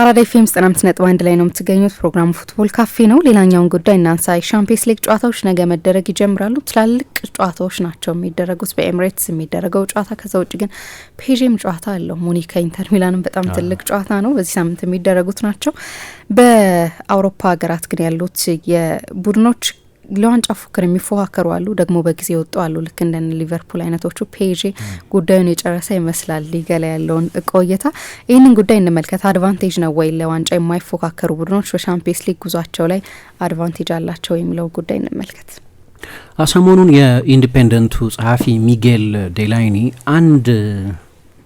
አራዳ ኤፍኤም ዘጠና አምስት ነጥብ አንድ ላይ ነው የምትገኙት። ፕሮግራሙ ፉትቦል ካፌ ነው። ሌላኛውን ጉዳይ እናንሳ። የሻምፒየንስ ሊግ ጨዋታዎች ነገ መደረግ ይጀምራሉ። ትላልቅ ጨዋታዎች ናቸው የሚደረጉት። በኤምሬትስ የሚደረገው ጨዋታ፣ ከዛ ውጭ ግን ፔዥም ጨዋታ አለው። ሙኒክ ከኢንተር ሚላንም በጣም ትልቅ ጨዋታ ነው። በዚህ ሳምንት የሚደረጉት ናቸው። በአውሮፓ ሀገራት ግን ያሉት የቡድኖች ለዋንጫ ፉክር የሚፎካከሩ አሉ፣ ደግሞ በጊዜ ወጡ አሉ። ልክ እንደ ሊቨርፑል አይነቶቹ ፔዤ ጉዳዩን የጨረሰ ይመስላል። ሊገላ ያለውን ቆይታ ይህንን ጉዳይ እንመልከት። አድቫንቴጅ ነው ወይ ለዋንጫ የማይፎካከሩ ቡድኖች በሻምፒየንስ ሊግ ጉዟቸው ላይ አድቫንቴጅ አላቸው የሚለው ጉዳይ እንመልከት። ሰሞኑን የኢንዲፔንደንቱ ጸሐፊ ሚጌል ዴላይኒ አንድ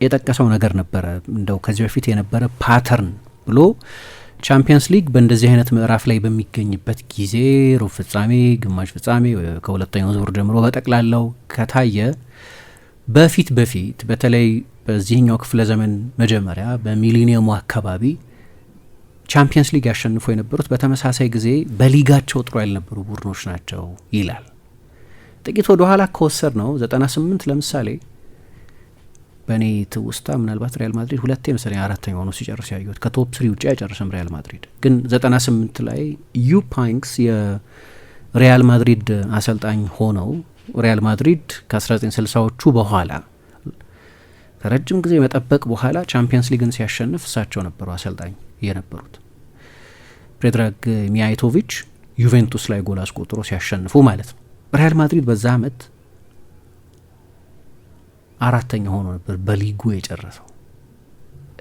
የጠቀሰው ነገር ነበረ እንደው ከዚህ በፊት የነበረ ፓተርን ብሎ ቻምፒየንስ ሊግ በእንደዚህ አይነት ምዕራፍ ላይ በሚገኝበት ጊዜ ሩብ ፍጻሜ፣ ግማሽ ፍጻሜ ከሁለተኛው ዙር ጀምሮ በጠቅላላው ከታየ በፊት በፊት በተለይ በዚህኛው ክፍለ ዘመን መጀመሪያ በሚሊኒየሙ አካባቢ ቻምፒየንስ ሊግ ያሸንፎ የነበሩት በተመሳሳይ ጊዜ በሊጋቸው ጥሩ ያልነበሩ ቡድኖች ናቸው ይላል። ጥቂት ወደኋላ ከወሰድ ነው 98 ለምሳሌ በእኔ ትውስታ ምናልባት ሪያል ማድሪድ ሁለቴ መሰለኝ አራተኛ ሆኖ ሲጨርስ ያየሁት። ከቶፕ ስሪ ውጭ አይጨርስም ሪያል ማድሪድ። ግን ዘጠና ስምንት ላይ ዩ ፓንክስ የሪያል ማድሪድ አሰልጣኝ ሆነው ሪያል ማድሪድ ከ1960ዎቹ በኋላ ከረጅም ጊዜ መጠበቅ በኋላ ቻምፒየንስ ሊግን ሲያሸንፍ እሳቸው ነበሩ አሰልጣኝ የነበሩት። ፕሬድራግ ሚያይቶቪች ዩቬንቱስ ላይ ጎል አስቆጥሮ ሲያሸንፉ ማለት ነው። ሪያል ማድሪድ በዛ አመት አራተኛ ሆኖ ነበር በሊጉ የጨረሰው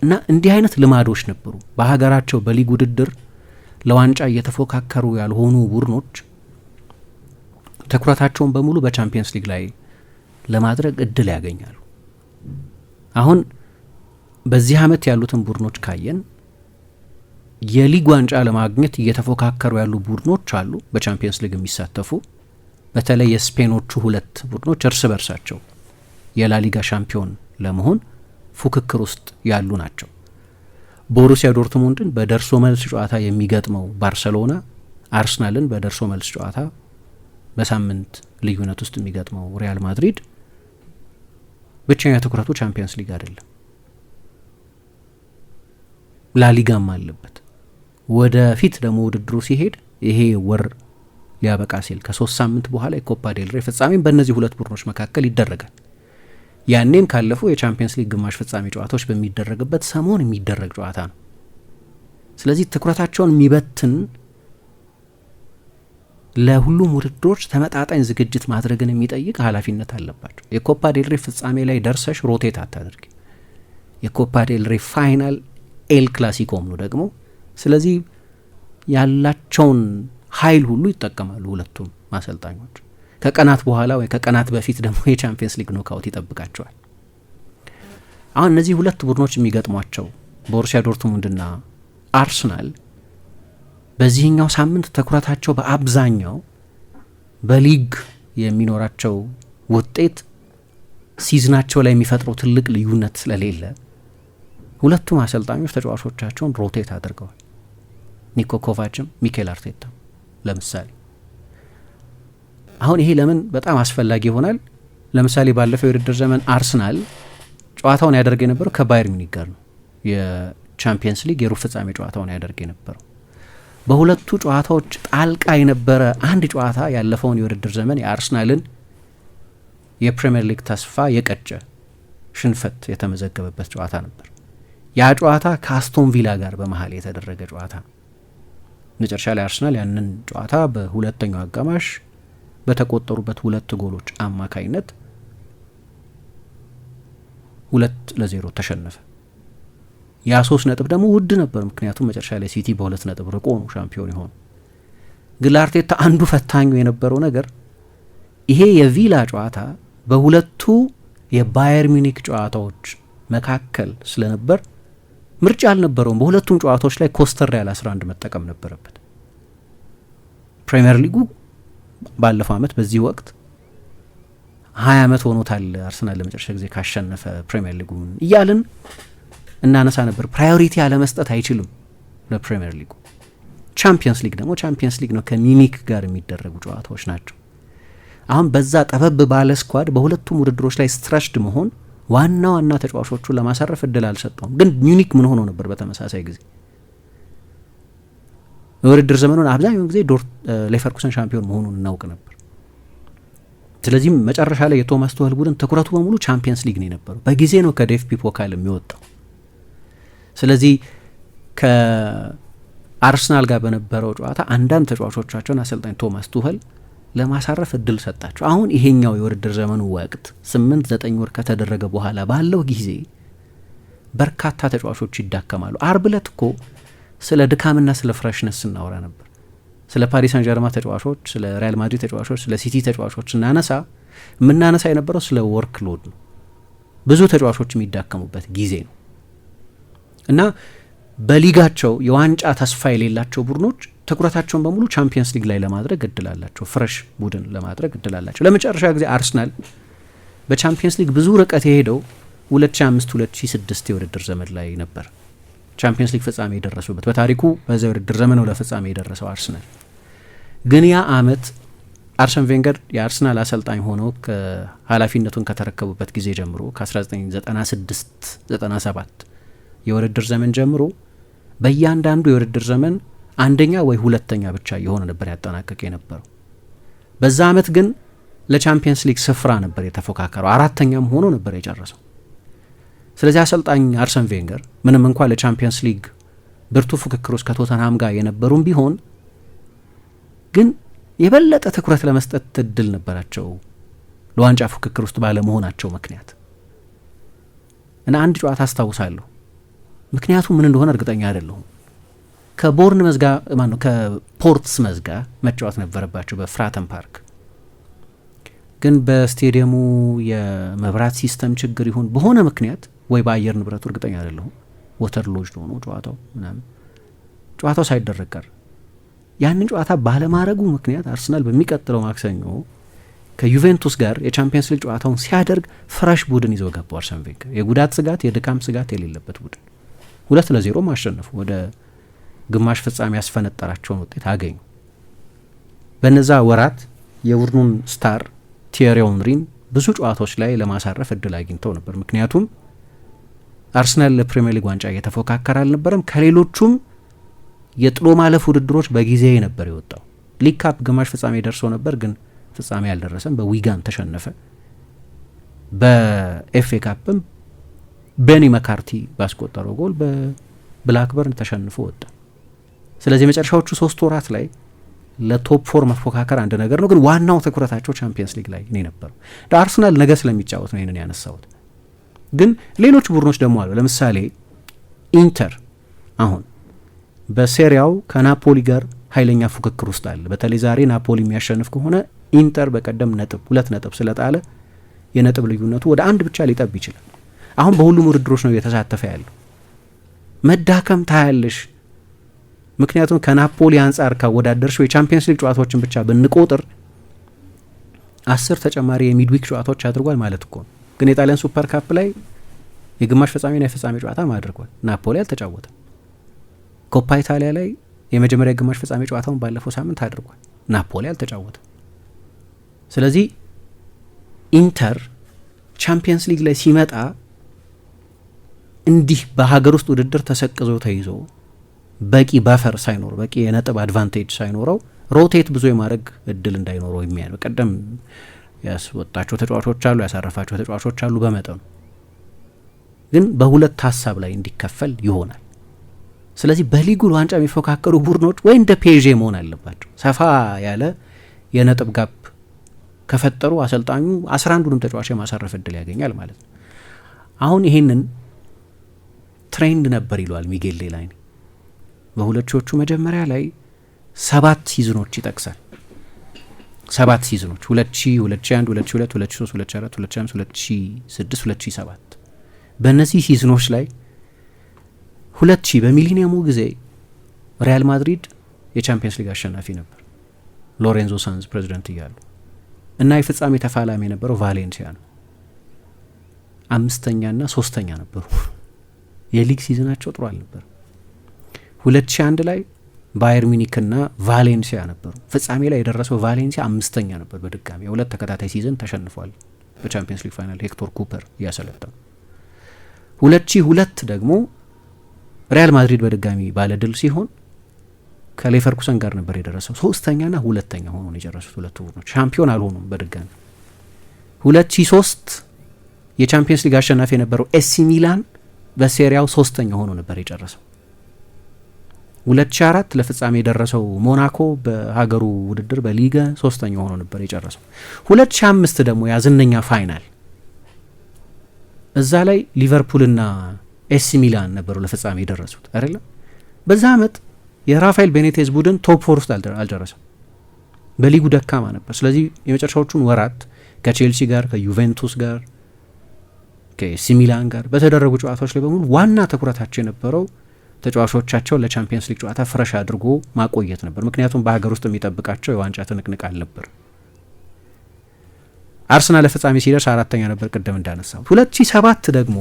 እና እንዲህ አይነት ልማዶች ነበሩ በሀገራቸው በሊግ ውድድር ለዋንጫ እየተፎካከሩ ያልሆኑ ቡድኖች ትኩረታቸውን በሙሉ በቻምፒየንስ ሊግ ላይ ለማድረግ እድል ያገኛሉ። አሁን በዚህ አመት ያሉትን ቡድኖች ካየን የሊግ ዋንጫ ለማግኘት እየተፎካከሩ ያሉ ቡድኖች አሉ፣ በቻምፒየንስ ሊግ የሚሳተፉ በተለይ የስፔኖቹ ሁለት ቡድኖች እርስ በርሳቸው የላሊጋ ሻምፒዮን ለመሆን ፉክክር ውስጥ ያሉ ናቸው። ቦሩሲያ ዶርትሙንድን በደርሶ መልስ ጨዋታ የሚገጥመው ባርሰሎና አርሰናልን በደርሶ መልስ ጨዋታ በሳምንት ልዩነት ውስጥ የሚገጥመው ሪያል ማድሪድ ብቸኛ ትኩረቱ ቻምፒየንስ ሊግ አይደለም፣ ላሊጋም አለበት። ወደፊት ደግሞ ውድድሩ ሲሄድ ይሄ ወር ሊያበቃ ሲል ከሶስት ሳምንት በኋላ የኮፓ ዴልሬ ፍጻሜም በእነዚህ ሁለት ቡድኖች መካከል ይደረጋል። ያኔም ካለፉ የቻምፒየንስ ሊግ ግማሽ ፍጻሜ ጨዋታዎች በሚደረግበት ሰሞን የሚደረግ ጨዋታ ነው። ስለዚህ ትኩረታቸውን የሚበትን ለሁሉም ውድድሮች ተመጣጣኝ ዝግጅት ማድረግን የሚጠይቅ ኃላፊነት አለባቸው። የኮፓ ዴልሬ ፍጻሜ ላይ ደርሰሽ ሮቴት አታድርጊ። የኮፓ ዴልሬ ፋይናል ኤል ክላሲኮም ነው ደግሞ። ስለዚህ ያላቸውን ኃይል ሁሉ ይጠቀማሉ ሁለቱም አሰልጣኞች። ከቀናት በኋላ ወይ ከቀናት በፊት ደግሞ የቻምፒየንስ ሊግ ኖካውት ይጠብቃቸዋል። አሁን እነዚህ ሁለት ቡድኖች የሚገጥሟቸው ቦሩሲያ ዶርትሙንድና አርሰናል በዚህኛው ሳምንት ትኩረታቸው በአብዛኛው በሊግ የሚኖራቸው ውጤት ሲዝናቸው ላይ የሚፈጥረው ትልቅ ልዩነት ስለሌለ ሁለቱም አሰልጣኞች ተጫዋቾቻቸውን ሮቴት አድርገዋል። ኒኮ ኮቫችም ሚኬል አርቴታ ለምሳሌ አሁን ይሄ ለምን በጣም አስፈላጊ ይሆናል? ለምሳሌ ባለፈው የውድድር ዘመን አርሰናል ጨዋታውን ያደርግ የነበረው ከባየር ሚኒክ ጋር ነው። የቻምፒየንስ ሊግ የሩብ ፍጻሜ ጨዋታውን ያደርግ የነበረው በሁለቱ ጨዋታዎች ጣልቃ የነበረ አንድ ጨዋታ ያለፈውን የውድድር ዘመን የአርሰናልን የፕሪምየር ሊግ ተስፋ የቀጨ ሽንፈት የተመዘገበበት ጨዋታ ነበር። ያ ጨዋታ ከአስቶን ቪላ ጋር በመሀል የተደረገ ጨዋታ ነው። መጨረሻ ላይ አርሰናል ያንን ጨዋታ በሁለተኛው አጋማሽ በተቆጠሩበት ሁለት ጎሎች አማካይነት ሁለት ለዜሮ ተሸነፈ። ያ ሶስት ነጥብ ደግሞ ውድ ነበር፣ ምክንያቱም መጨረሻ ላይ ሲቲ በሁለት ነጥብ ርቆ ነው ሻምፒዮን የሆኑ። ግን ለአርቴታ አንዱ ፈታኙ የነበረው ነገር ይሄ የቪላ ጨዋታ በሁለቱ የባየር ሚኒክ ጨዋታዎች መካከል ስለነበር ምርጫ አልነበረውም። በሁለቱም ጨዋታዎች ላይ ኮስተር ያለ 11 መጠቀም ነበረበት ፕሪምየር ሊጉ ባለፈው አመት በዚህ ወቅት ሀያ አመት ሆኖታል አርሰናል ለመጨረሻ ጊዜ ካሸነፈ ፕሪምየር ሊጉን እያልን እናነሳ ነበር። ፕራዮሪቲ አለመስጠት አይችልም ለፕሪምየር ሊጉ። ቻምፒየንስ ሊግ ደግሞ ቻምፒየንስ ሊግ ነው፣ ከሚኒክ ጋር የሚደረጉ ጨዋታዎች ናቸው። አሁን በዛ ጠበብ ባለ ስኳድ በሁለቱም ውድድሮች ላይ ስትረሽድ መሆን ዋና ዋና ተጫዋቾቹ ለማሳረፍ እድል አልሰጠውም። ግን ሚኒክ ምን ሆኖ ነበር በተመሳሳይ ጊዜ የውድድር ዘመኑን አብዛኛውን ጊዜ ዶር ሌቨርኩሰን ሻምፒዮን መሆኑን እናውቅ ነበር። ስለዚህም መጨረሻ ላይ የቶማስ ቱኸል ቡድን ትኩረቱ በሙሉ ቻምፒየንስ ሊግ ነው የነበረው። በጊዜ ነው ከዴፍፒ ፖካል የሚወጣው። ስለዚህ ከአርሰናል ጋር በነበረው ጨዋታ አንዳንድ ተጫዋቾቻቸውን አሰልጣኝ ቶማስ ቱኸል ለማሳረፍ እድል ሰጣቸው። አሁን ይሄኛው የውድድር ዘመኑ ወቅት ስምንት ዘጠኝ ወር ከተደረገ በኋላ ባለው ጊዜ በርካታ ተጫዋቾች ይዳከማሉ። አርብ ለት እኮ ስለ ድካምና ስለ ፍረሽነስ ስናወራ ነበር። ስለ ፓሪስ አንጀርማ ተጫዋቾች፣ ስለ ሪያል ማድሪድ ተጫዋቾች፣ ስለ ሲቲ ተጫዋቾች ስናነሳ የምናነሳ የነበረው ስለ ወርክ ሎድ ነው። ብዙ ተጫዋቾች የሚዳከሙበት ጊዜ ነው እና በሊጋቸው የዋንጫ ተስፋ የሌላቸው ቡድኖች ትኩረታቸውን በሙሉ ቻምፒየንስ ሊግ ላይ ለማድረግ እድላላቸው፣ ፍረሽ ቡድን ለማድረግ እድላላቸው። ለመጨረሻ ጊዜ አርሰናል በቻምፒየንስ ሊግ ብዙ ርቀት የሄደው 2005 2006 የውድድር ዘመን ላይ ነበር። ቻምፒየንስ ሊግ ፍጻሜ የደረሱበት በታሪኩ በዚ ውድድር ዘመኑ ለፍጻሜ የደረሰው አርሰናል ግን ያ አመት አርሰን ቬንገር የአርሰናል አሰልጣኝ ሆነው ኃላፊነቱን ከተረከቡበት ጊዜ ጀምሮ ከ1996 97 የውድድር ዘመን ጀምሮ በእያንዳንዱ የውድድር ዘመን አንደኛ ወይ ሁለተኛ ብቻ የሆነ ነበር ያጠናቀቅ የነበረው። በዛ አመት ግን ለቻምፒየንስ ሊግ ስፍራ ነበር የተፎካከረው፣ አራተኛም ሆኖ ነበር የጨረሰው። ስለዚህ አሰልጣኝ አርሰን ቬንገር ምንም እንኳ ለቻምፒየንስ ሊግ ብርቱ ፉክክር ውስጥ ከቶተንሃም ጋር የነበሩም ቢሆን ግን የበለጠ ትኩረት ለመስጠት እድል ነበራቸው ለዋንጫ ፉክክር ውስጥ ባለመሆናቸው ምክንያት እና አንድ ጨዋታ አስታውሳለሁ። ምክንያቱ ምን እንደሆነ እርግጠኛ አይደለሁም። ከቦርን መዝጋ ማነው ከፖርትስ መዝጋ መጫወት ነበረባቸው በፍራተን ፓርክ ግን በስቴዲየሙ የመብራት ሲስተም ችግር ይሁን በሆነ ምክንያት ወይ በአየር ንብረቱ እርግጠኛ አይደለሁም። ወተር ሎጅ ሆኖ ጨዋታው ምናምን ጨዋታው ሳይደረግ ቀር ያንን ጨዋታ ባለማድረጉ ምክንያት አርሰናል በሚቀጥለው ማክሰኞ ከዩቬንቱስ ጋር የቻምፒየንስ ሊግ ጨዋታውን ሲያደርግ ፍረሽ ቡድን ይዘው ገባው። አርሰን ቬንገር የጉዳት ስጋት የድካም ስጋት የሌለበት ቡድን ሁለት ለዜሮ ማሸነፉ ወደ ግማሽ ፍጻሜ ያስፈነጠራቸውን ውጤት አገኙ። በነዛ ወራት የቡድኑን ስታር ቲየሪ ብዙ ጨዋታዎች ላይ ለማሳረፍ እድል አግኝተው ነበር ምክንያቱም አርሰናል ለፕሪሚየር ሊግ ዋንጫ እየተፎካከረ አልነበረም። ከሌሎቹም የጥሎ ማለፍ ውድድሮች በጊዜ ነበር የወጣው። ሊግ ካፕ ግማሽ ፍጻሜ ደርሶ ነበር፣ ግን ፍጻሜ አልደረሰም። በዊጋን ተሸነፈ። በኤፍኤ ካፕም ቤኒ መካርቲ ባስቆጠረው ጎል በብላክበርን ተሸንፎ ወጣ። ስለዚህ የመጨረሻዎቹ ሶስት ወራት ላይ ለቶፕ ፎር መፎካከር አንድ ነገር ነው፣ ግን ዋናው ትኩረታቸው ቻምፒየንስ ሊግ ላይ ነው የነበረው። አርሰናል ነገ ስለሚጫወት ነው ይህንን ያነሳሁት። ግን ሌሎች ቡድኖች ደግሞ አሉ። ለምሳሌ ኢንተር አሁን በሴሪያው ከናፖሊ ጋር ኃይለኛ ፉክክር ውስጥ አለ። በተለይ ዛሬ ናፖሊ የሚያሸንፍ ከሆነ ኢንተር በቀደም ነጥብ ሁለት ነጥብ ስለጣለ የነጥብ ልዩነቱ ወደ አንድ ብቻ ሊጠብ ይችላል። አሁን በሁሉም ውድድሮች ነው እየተሳተፈ ያለው። መዳከም ታያለሽ። ምክንያቱም ከናፖሊ አንጻር ካወዳደርሽው የቻምፒየንስ ሊግ ጨዋታዎችን ብቻ ብንቆጥር አስር ተጨማሪ የሚድዊክ ጨዋታዎች አድርጓል ማለት እኮ ነው። ግን የጣሊያን ሱፐር ካፕ ላይ የግማሽ ፍጻሜና የፍጻሜ ጨዋታ አድርጓል። ናፖሊ አልተጫወተም። ኮፓ ኢታሊያ ላይ የመጀመሪያ ግማሽ ፍጻሜ ጨዋታውን ባለፈው ሳምንት አድርጓል። ናፖሊ አልተጫወተም። ስለዚህ ኢንተር ቻምፒየንስ ሊግ ላይ ሲመጣ እንዲህ በሀገር ውስጥ ውድድር ተሰቅዞ ተይዞ በቂ ባፈር ሳይኖር በቂ የነጥብ አድቫንቴጅ ሳይኖረው ሮቴት ብዙ የማድረግ እድል እንዳይኖረው የሚያል ቀደም ያስወጣቸው ተጫዋቾች አሉ፣ ያሳረፋቸው ተጫዋቾች አሉ። በመጠኑ ግን በሁለት ሀሳብ ላይ እንዲከፈል ይሆናል። ስለዚህ በሊጉ ዋንጫ የሚፎካከሩ ቡድኖች ወይ እንደ ፔዤ መሆን አለባቸው። ሰፋ ያለ የነጥብ ጋፕ ከፈጠሩ አሰልጣኙ አስራ አንዱንም ተጫዋች የማሳረፍ እድል ያገኛል ማለት ነው። አሁን ይሄንን ትሬንድ ነበር ይለዋል ሚጌል ሌላይኒ በሁለት ሺዎቹ መጀመሪያ ላይ ሰባት ሲዝኖች ይጠቅሳል። ሰባት ሲዝኖች 2000 2001 2002 2003 2004 2005 2006 2007 በእነዚህ ሲዝኖች ላይ 2000 በሚሊኒየሙ ጊዜ ሪያል ማድሪድ የቻምፒየንስ ሊግ አሸናፊ ነበር ሎሬንዞ ሳንዝ ፕሬዚደንት እያሉ እና የፍጻሜ ተፋላሚ የነበረው ቫሌንሲያ ነው። አምስተኛና ሶስተኛ ነበሩ። የሊግ ሲዝናቸው ጥሩ አልነበር። 2001 ላይ ባየር ሚኒክና ቫሌንሲያ ነበሩ። ፍጻሜ ላይ የደረሰው ቫሌንሲያ አምስተኛ ነበር። በድጋሚ የሁለት ተከታታይ ሲዝን ተሸንፏል። በቻምፒየንስ ሊግ ፋይናል ሄክቶር ኩፐር እያሰለጠኑ ሁለት ሺ ሁለት ደግሞ ሪያል ማድሪድ በድጋሚ ባለድል ሲሆን ከሌቨርኩሰን ጋር ነበር የደረሰው። ሶስተኛና ሁለተኛ ሆኖ ነው የጨረሱት ሁለቱ ቡድኖች። ሻምፒዮን አልሆኑም በድጋሚ ሁለት ሺ ሶስት የቻምፒየንስ ሊግ አሸናፊ የነበረው ኤሲ ሚላን በሴሪያው ሶስተኛ ሆኖ ነበር የጨረሰው። 2004 ለፍጻሜ የደረሰው ሞናኮ በሀገሩ ውድድር በሊገ ሶስተኛ ሆኖ ነበር የጨረሰው። 2005 ደግሞ ያዝነኛ ፋይናል እዛ ላይ ሊቨርፑልና ኤሲ ሚላን ነበሩ ለፍጻሜ የደረሱት አይደለም። በዛ አመት የራፋኤል ቤኔቴዝ ቡድን ቶፕ ፎር ውስጥ አልደረሰም፣ በሊጉ ደካማ ነበር። ስለዚህ የመጨረሻዎቹን ወራት ከቼልሲ ጋር ከዩቬንቱስ ጋር ከኤሲ ሚላን ጋር በተደረጉ ጨዋታዎች ላይ በሙሉ ዋና ትኩረታቸው የነበረው ተጫዋቾቻቸው ለቻምፒየንስ ሊግ ጨዋታ ፍረሽ አድርጎ ማቆየት ነበር። ምክንያቱም በሀገር ውስጥ የሚጠብቃቸው የዋንጫ ትንቅንቅ አልነበር። አርሰናል ለፍጻሜ ሲደርስ አራተኛ ነበር፣ ቅድም እንዳነሳሁት። ሁለት ሺ ሰባት ደግሞ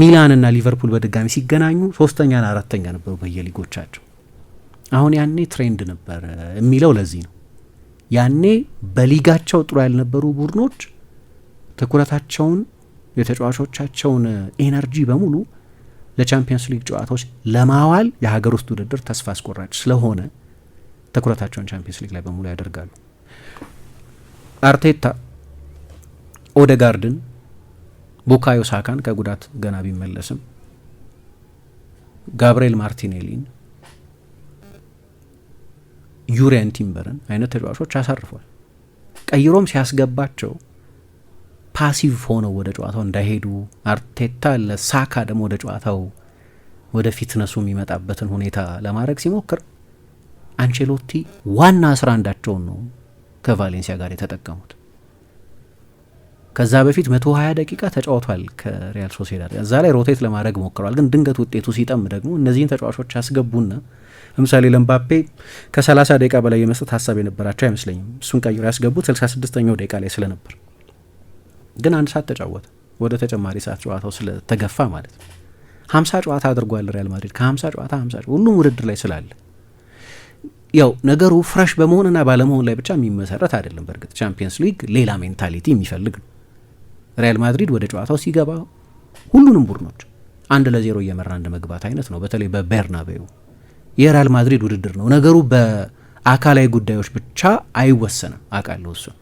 ሚላንና ሊቨርፑል በድጋሚ ሲገናኙ ሶስተኛና አራተኛ ነበሩ በየሊጎቻቸው። አሁን ያኔ ትሬንድ ነበር የሚለው ለዚህ ነው። ያኔ በሊጋቸው ጥሩ ያልነበሩ ቡድኖች ትኩረታቸውን የተጫዋቾቻቸውን ኤነርጂ በሙሉ ለቻምፒየንስ ሊግ ጨዋታዎች ለማዋል የሀገር ውስጥ ውድድር ተስፋ አስቆራጭ ስለሆነ ትኩረታቸውን ቻምፒየንስ ሊግ ላይ በሙሉ ያደርጋሉ። አርቴታ ኦደጋርድን፣ ቡካዮ ሳካን ከጉዳት ገና ቢመለስም ጋብርኤል ማርቲኔሊን፣ ዩሪያን ቲምበርን አይነት ተጫዋቾች አሳርፏል። ቀይሮም ሲያስገባቸው ፓሲቭ ሆነው ወደ ጨዋታው እንዳይሄዱ አርቴታ ለሳካ ደግሞ ወደ ጨዋታው ወደ ፊትነሱ የሚመጣበትን ሁኔታ ለማድረግ ሲሞክር አንቸሎቲ ዋና አስራ አንዳቸውን ነው ከቫሌንሲያ ጋር የተጠቀሙት። ከዛ በፊት መቶ 20 ደቂቃ ተጫውቷል ከሪያል ሶሴዳድ። እዛ ላይ ሮቴት ለማድረግ ሞክረዋል፣ ግን ድንገት ውጤቱ ሲጠም ደግሞ እነዚህን ተጫዋቾች ያስገቡና ለምሳሌ ለምባፔ ከ30 ደቂቃ በላይ የመስጠት ሀሳብ የነበራቸው አይመስለኝም። እሱን ቀይሮ ያስገቡት 66ኛው ደቂቃ ላይ ስለነበር ግን አንድ ሰዓት ተጫወተ። ወደ ተጨማሪ ሰዓት ጨዋታው ስለተገፋ ማለት ነው። ሀምሳ ጨዋታ አድርጓል ሪያል ማድሪድ ከሀምሳ ጨዋታ ሀምሳ ሁሉም ውድድር ላይ ስላለ ያው ነገሩ ፍረሽ በመሆንና ባለመሆን ላይ ብቻ የሚመሰረት አይደለም። በእርግጥ ቻምፒየንስ ሊግ ሌላ ሜንታሊቲ የሚፈልግ ነው። ሪያል ማድሪድ ወደ ጨዋታው ሲገባ ሁሉንም ቡድኖች አንድ ለዜሮ እየመራ እንደ መግባት አይነት ነው። በተለይ በቤርናቤው የሪያል ማድሪድ ውድድር ነው። ነገሩ በአካላዊ ጉዳዮች ብቻ አይወሰንም አውቃለሁ። እሱን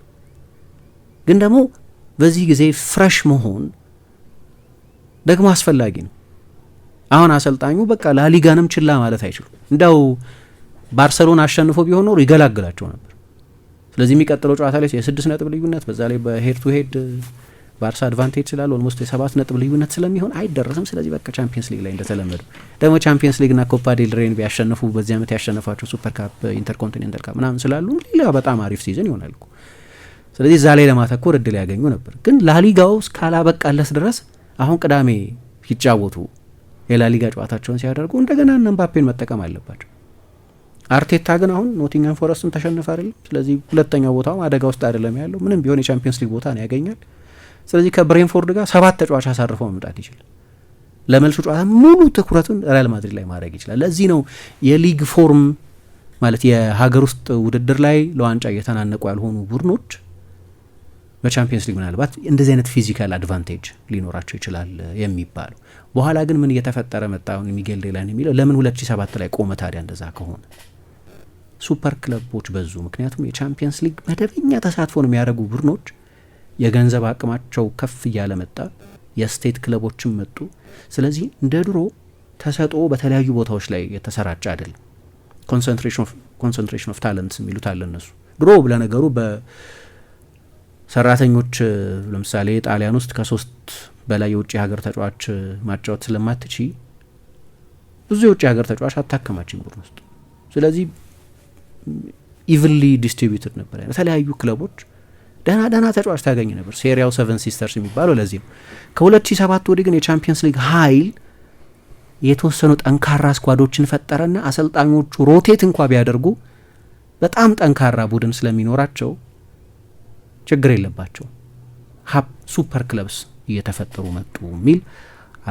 ግን ደግሞ በዚህ ጊዜ ፍረሽ መሆን ደግሞ አስፈላጊ ነው። አሁን አሰልጣኙ በቃ ላሊጋንም ችላ ማለት አይችሉም። እንዳው ባርሰሎና አሸንፎ ቢሆን ኖሮ ይገላግላቸው ነበር። ስለዚህ የሚቀጥለው ጨዋታ ላይ የስድስት ነጥብ ልዩነት በዛ ላይ በሄድ ቱ ሄድ ባርሳ አድቫንቴጅ ስላለ ኦልሞስት የሰባት ነጥብ ልዩነት ስለሚሆን አይደረስም። ስለዚህ በቃ ቻምፒየንስ ሊግ ላይ እንደተለመዱ ደግሞ ቻምፒየንስ ሊግና ኮፓ ዴል ሬን ቢያሸንፉ በዚህ አመት ያሸነፏቸው ሱፐር ካፕ፣ ኢንተርኮንቲኔንታል ካፕ ምናምን ስላሉ ሌላ በጣም አሪፍ ሲዝን ይሆናል። ስለዚህ እዛ ላይ ለማተኮር እድል ያገኙ ነበር። ግን ላሊጋው እስካላበቃለስ ድረስ አሁን ቅዳሜ ሲጫወቱ የላሊጋ ጨዋታቸውን ሲያደርጉ እንደገና እነ ምባፔን መጠቀም አለባቸው። አርቴታ ግን አሁን ኖቲንግሃም ፎረስትን ተሸንፈ አይደለም። ስለዚህ ሁለተኛው ቦታውም አደጋ ውስጥ አይደለም ያለው። ምንም ቢሆን የቻምፒየንስ ሊግ ቦታ ነው ያገኛል። ስለዚህ ከብሬንፎርድ ጋር ሰባት ተጫዋች አሳርፎ መምጣት ይችላል። ለመልሱ ጨዋታ ሙሉ ትኩረቱን ሪያል ማድሪድ ላይ ማድረግ ይችላል። ለዚህ ነው የሊግ ፎርም ማለት የሀገር ውስጥ ውድድር ላይ ለዋንጫ እየተናነቁ ያልሆኑ ቡድኖች በቻምፒየንስ ሊግ ምናልባት እንደዚህ አይነት ፊዚካል አድቫንቴጅ ሊኖራቸው ይችላል የሚባለው። በኋላ ግን ምን እየተፈጠረ መጣ? አሁን ሚጌል ዴላን የሚለው ለምን 2007 ላይ ቆመ ታዲያ? እንደዛ ከሆነ ሱፐር ክለቦች በዙ። ምክንያቱም የቻምፒየንስ ሊግ መደበኛ ተሳትፎ ነው የሚያደርጉ ቡድኖች የገንዘብ አቅማቸው ከፍ እያለ መጣ። የስቴት ክለቦችም መጡ። ስለዚህ እንደ ድሮ ተሰጦ በተለያዩ ቦታዎች ላይ የተሰራጨ አይደለም። ኮንሰንትሬሽን ኦፍ ታለንትስ የሚሉት አለ እነሱ ድሮ ለነገሩ ሰራተኞች ለምሳሌ ጣሊያን ውስጥ ከሶስት በላይ የውጭ ሀገር ተጫዋች ማጫወት ስለማትች ብዙ የውጭ ሀገር ተጫዋች አታከማችን ቡድን ውስጥ። ስለዚህ ኢቭንሊ ዲስትሪቢዩትድ ነበር። በተለያዩ ክለቦች ደህና ደህና ተጫዋች ታገኝ ነበር። ሴሪያው ሰቨን ሲስተርስ የሚባለው ለዚህ ነው። ከ2007 ወዲህ ግን የቻምፒየንስ ሊግ ኃይል የተወሰኑ ጠንካራ ስኳዶችን ፈጠረና አሰልጣኞቹ ሮቴት እንኳ ቢያደርጉ በጣም ጠንካራ ቡድን ስለሚኖራቸው ችግር የለባቸው ሀብ ሱፐር ክለብስ እየተፈጠሩ መጡ የሚል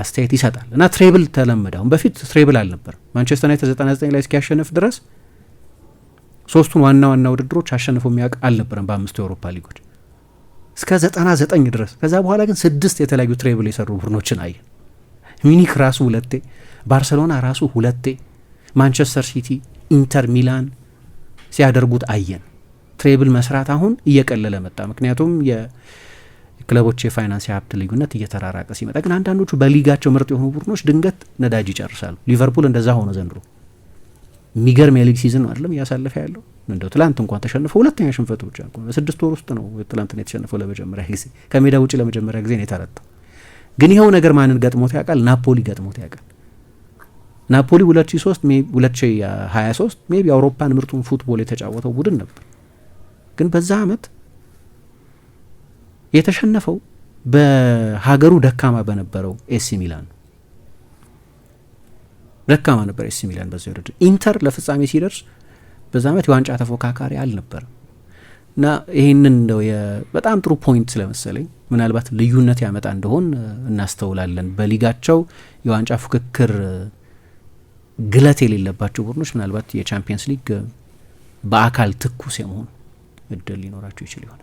አስተያየት ይሰጣል። እና ትሬብል ተለመደ። አሁን በፊት ትሬብል አልነበር። ማንቸስተር ዩናይትድ 99 ላይ እስኪያሸንፍ ድረስ ሶስቱን ዋና ዋና ውድድሮች አሸንፎ የሚያውቅ አልነበረም በአምስቱ የአውሮፓ ሊጎች እስከ 99 ድረስ። ከዛ በኋላ ግን ስድስት የተለያዩ ትሬብል የሰሩ ቡድኖችን አየን። ሚኒክ ራሱ ሁለቴ፣ ባርሰሎና ራሱ ሁለቴ፣ ማንቸስተር ሲቲ፣ ኢንተር ሚላን ሲያደርጉት አየን። ትሬብል መስራት አሁን እየቀለለ መጣ። ምክንያቱም የክለቦች የፋይናንስ የሀብት ልዩነት እየተራራቀ ሲመጣ ግን አንዳንዶቹ በሊጋቸው ምርጥ የሆኑ ቡድኖች ድንገት ነዳጅ ይጨርሳሉ። ሊቨርፑል እንደዛ ሆነ ዘንድሮ። የሚገርም የሊግ ሲዝን ነው አይደለም እያሳለፈ ያለው። እንደው ትላንት እንኳን ተሸንፎ ሁለተኛ ሽንፈቱ ብቻ በስድስት ወር ውስጥ ነው ትላንት የተሸንፈው። ለመጀመሪያ ጊዜ ከሜዳ ውጭ ለመጀመሪያ ጊዜ ነው የተረታው። ግን ይኸው ነገር ማንን ገጥሞት ያውቃል? ናፖሊ ገጥሞት ያውቃል። ናፖሊ 2023 2023 ሜቢ አውሮፓን ምርጡን ፉትቦል የተጫወተው ቡድን ነበር። ግን በዛ አመት የተሸነፈው በሀገሩ ደካማ በነበረው ኤሲ ሚላን ደካማ ነበር ኤሲ ሚላን በዚህ ውድድር። ኢንተር ለፍጻሜ ሲደርስ በዛ አመት የዋንጫ ተፎካካሪ አልነበረም እና ይህንን እንደው በጣም ጥሩ ፖይንት ስለመሰለኝ ምናልባት ልዩነት ያመጣ እንደሆን እናስተውላለን። በሊጋቸው የዋንጫ ፉክክር ግለት የሌለባቸው ቡድኖች ምናልባት የቻምፒየንስ ሊግ በአካል ትኩስ የመሆን እድል ሊኖራቸው ይችል ይሆናል